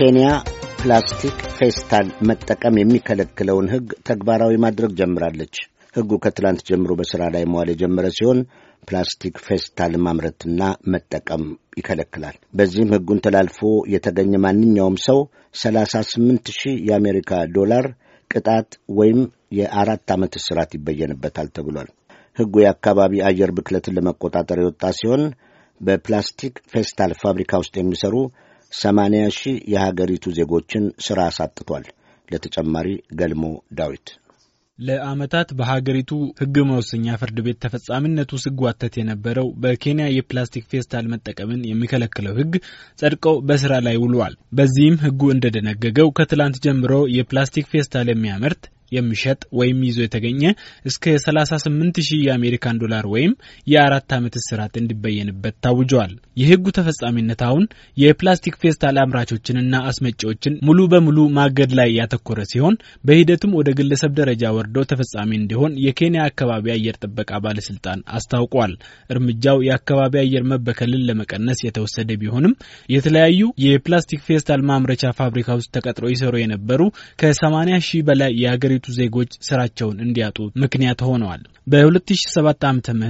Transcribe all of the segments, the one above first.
ኬንያ ፕላስቲክ ፌስታል መጠቀም የሚከለክለውን ሕግ ተግባራዊ ማድረግ ጀምራለች። ሕጉ ከትላንት ጀምሮ በሥራ ላይ መዋል የጀመረ ሲሆን ፕላስቲክ ፌስታል ማምረትና መጠቀም ይከለክላል። በዚህም ሕጉን ተላልፎ የተገኘ ማንኛውም ሰው 38 ሺህ የአሜሪካ ዶላር ቅጣት ወይም የአራት ዓመት እስራት ይበየንበታል ተብሏል። ሕጉ የአካባቢ አየር ብክለትን ለመቆጣጠር የወጣ ሲሆን በፕላስቲክ ፌስታል ፋብሪካ ውስጥ የሚሰሩ ሰማንያ ሺህ የሀገሪቱ ዜጎችን ሥራ አሳጥቷል። ለተጨማሪ ገልሞ ዳዊት ለዓመታት በሀገሪቱ ሕግ መወሰኛ ፍርድ ቤት ተፈጻሚነቱ ሲጓተት የነበረው በኬንያ የፕላስቲክ ፌስታል መጠቀምን የሚከለክለው ሕግ ጸድቀው በስራ ላይ ውሏል። በዚህም ሕጉ እንደደነገገው ከትላንት ጀምሮ የፕላስቲክ ፌስታል የሚያመርት የሚሸጥ ወይም ይዞ የተገኘ እስከ 38 ሺህ የአሜሪካን ዶላር ወይም የአራት ዓመት እስራት እንዲበየንበት ታውጇል። የህጉ ተፈጻሚነት አሁን የፕላስቲክ ፌስታል አምራቾችንና አስመጪዎችን ሙሉ በሙሉ ማገድ ላይ ያተኮረ ሲሆን በሂደቱም ወደ ግለሰብ ደረጃ ወርዶ ተፈጻሚ እንዲሆን የኬንያ አካባቢ አየር ጥበቃ ባለስልጣን አስታውቋል። እርምጃው የአካባቢ አየር መበከልን ለመቀነስ የተወሰደ ቢሆንም የተለያዩ የፕላስቲክ ፌስታል ማምረቻ ፋብሪካ ውስጥ ተቀጥሮ ይሰሩ የነበሩ ከ80 ሺህ በላይ የአገሪቱ የሀገሪቱ ዜጎች ስራቸውን እንዲያጡ ምክንያት ሆነዋል። በ2007 ዓ ም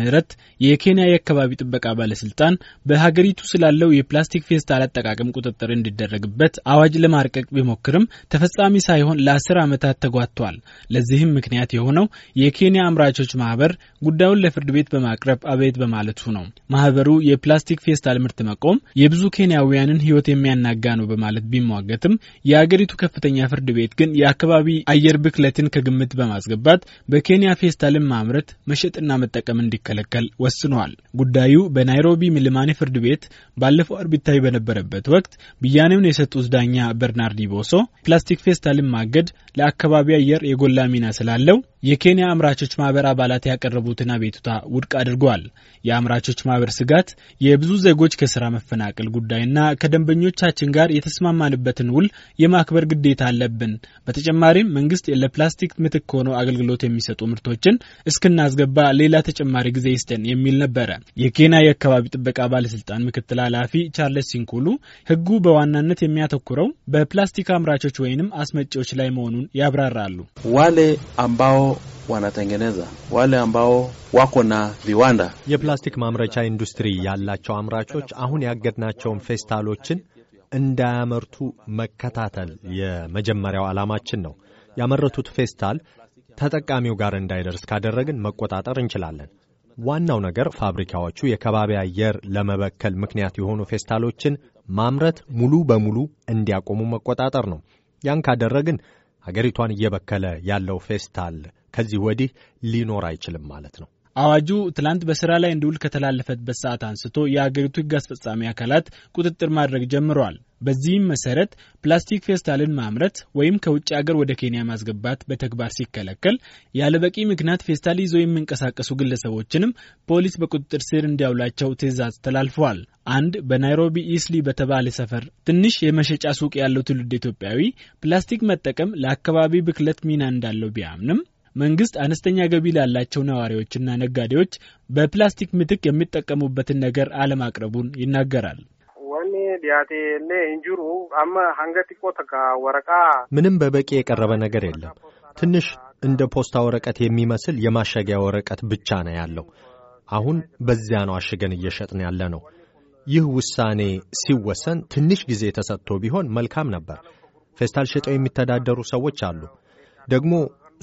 የኬንያ የአካባቢ ጥበቃ ባለስልጣን በሀገሪቱ ስላለው የፕላስቲክ ፌስታል አጠቃቀም ቁጥጥር እንዲደረግበት አዋጅ ለማርቀቅ ቢሞክርም ተፈጻሚ ሳይሆን ለአስር ዓመታት ተጓቷል። ለዚህም ምክንያት የሆነው የኬንያ አምራቾች ማህበር ጉዳዩን ለፍርድ ቤት በማቅረብ አቤት በማለቱ ነው። ማህበሩ የፕላስቲክ ፌስታል ምርት መቆም የብዙ ኬንያውያንን ህይወት የሚያናጋ ነው በማለት ቢሟገትም የአገሪቱ ከፍተኛ ፍርድ ቤት ግን የአካባቢ አየር ብክለት መብቶችን ከግምት በማስገባት በኬንያ ፌስታልን ማምረት መሸጥና መጠቀም እንዲከለከል ወስኗል። ጉዳዩ በናይሮቢ ሚልማኒ ፍርድ ቤት ባለፈው አርብ ይታይ በነበረበት ወቅት ብያኔውን የሰጡት ዳኛ በርናርዲ ቦሶ ፕላስቲክ ፌስታልን ማገድ ለአካባቢ አየር የጎላ ሚና ስላለው የኬንያ አምራቾች ማህበር አባላት ያቀረቡትን አቤቱታ ውድቅ አድርገዋል። የአምራቾች ማህበር ስጋት የብዙ ዜጎች ከስራ መፈናቀል ጉዳይና ከደንበኞቻችን ጋር የተስማማንበትን ውል የማክበር ግዴታ አለብን። በተጨማሪም መንግስት ለፕላስቲክ ምትክ ሆነው አገልግሎት የሚሰጡ ምርቶችን እስክናስገባ ሌላ ተጨማሪ ጊዜ ይስጠን የሚል ነበረ። የኬንያ የአካባቢ ጥበቃ ባለስልጣን ምክትል ኃላፊ ቻርለስ ሲንኩሉ ህጉ በዋናነት የሚያተኩረው በፕላስቲክ አምራቾች ወይንም አስመጪዎች ላይ መሆኑን ያብራራሉ። ዋሌ አምባዎ wanatengeneza, wale ambao wako na viwanda የፕላስቲክ ማምረቻ ኢንዱስትሪ ያላቸው አምራቾች አሁን ያገድናቸውን ፌስታሎችን እንዳያመርቱ መከታተል የመጀመሪያው ዓላማችን ነው። ያመረቱት ፌስታል ተጠቃሚው ጋር እንዳይደርስ ካደረግን መቆጣጠር እንችላለን። ዋናው ነገር ፋብሪካዎቹ የከባቢ አየር ለመበከል ምክንያት የሆኑ ፌስታሎችን ማምረት ሙሉ በሙሉ እንዲያቆሙ መቆጣጠር ነው። ያን ካደረግን ሀገሪቷን እየበከለ ያለው ፌስታል ከዚህ ወዲህ ሊኖር አይችልም ማለት ነው። አዋጁ ትላንት በስራ ላይ እንዲውል ከተላለፈበት ሰዓት አንስቶ የአገሪቱ ሕግ አስፈጻሚ አካላት ቁጥጥር ማድረግ ጀምረዋል። በዚህም መሰረት ፕላስቲክ ፌስታልን ማምረት ወይም ከውጭ አገር ወደ ኬንያ ማስገባት በተግባር ሲከለከል ያለበቂ ምክንያት ፌስታል ይዞ የሚንቀሳቀሱ ግለሰቦችንም ፖሊስ በቁጥጥር ስር እንዲያውላቸው ትዕዛዝ ተላልፈዋል። አንድ በናይሮቢ ኢስሊ በተባለ ሰፈር ትንሽ የመሸጫ ሱቅ ያለው ትውልድ ኢትዮጵያዊ ፕላስቲክ መጠቀም ለአካባቢ ብክለት ሚና እንዳለው ቢያምንም መንግስት አነስተኛ ገቢ ላላቸው ነዋሪዎችና ነጋዴዎች በፕላስቲክ ምትክ የሚጠቀሙበትን ነገር አለማቅረቡን ይናገራል። ምንም በበቂ የቀረበ ነገር የለም። ትንሽ እንደ ፖስታ ወረቀት የሚመስል የማሸጊያ ወረቀት ብቻ ነው ያለው። አሁን በዚያ ነው አሽገን እየሸጥን ያለ ነው። ይህ ውሳኔ ሲወሰን ትንሽ ጊዜ ተሰጥቶ ቢሆን መልካም ነበር። ፌስታል ሽጠው የሚተዳደሩ ሰዎች አሉ። ደግሞ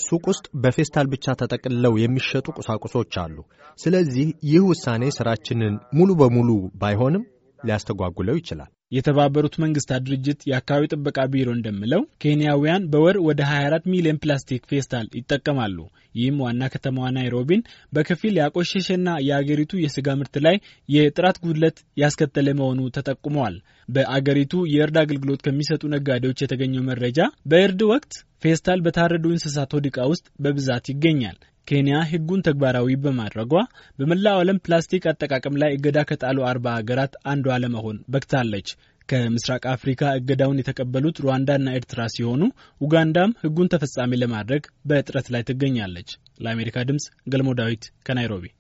ሱቅ ውስጥ በፌስታል ብቻ ተጠቅልለው የሚሸጡ ቁሳቁሶች አሉ። ስለዚህ ይህ ውሳኔ ሥራችንን ሙሉ በሙሉ ባይሆንም ሊያስተጓጉለው ይችላል። የተባበሩት መንግስታት ድርጅት የአካባቢ ጥበቃ ቢሮ እንደሚለው ኬንያውያን በወር ወደ 24 ሚሊዮን ፕላስቲክ ፌስታል ይጠቀማሉ። ይህም ዋና ከተማዋ ናይሮቢን በከፊል ያቆሸሸና የአገሪቱ የስጋ ምርት ላይ የጥራት ጉድለት ያስከተለ መሆኑ ተጠቁመዋል። በአገሪቱ የእርድ አገልግሎት ከሚሰጡ ነጋዴዎች የተገኘው መረጃ በእርድ ወቅት ፌስታል በታረዱ እንስሳት ሆድ ዕቃ ውስጥ በብዛት ይገኛል። ኬንያ ሕጉን ተግባራዊ በማድረጓ በመላው ዓለም ፕላስቲክ አጠቃቀም ላይ እገዳ ከጣሉ አርባ ሀገራት አንዷ ለመሆን በቅታለች። ከምስራቅ አፍሪካ እገዳውን የተቀበሉት ሩዋንዳና ኤርትራ ሲሆኑ ኡጋንዳም ሕጉን ተፈጻሚ ለማድረግ በጥረት ላይ ትገኛለች። ለአሜሪካ ድምፅ ገልሞ ዳዊት ከናይሮቢ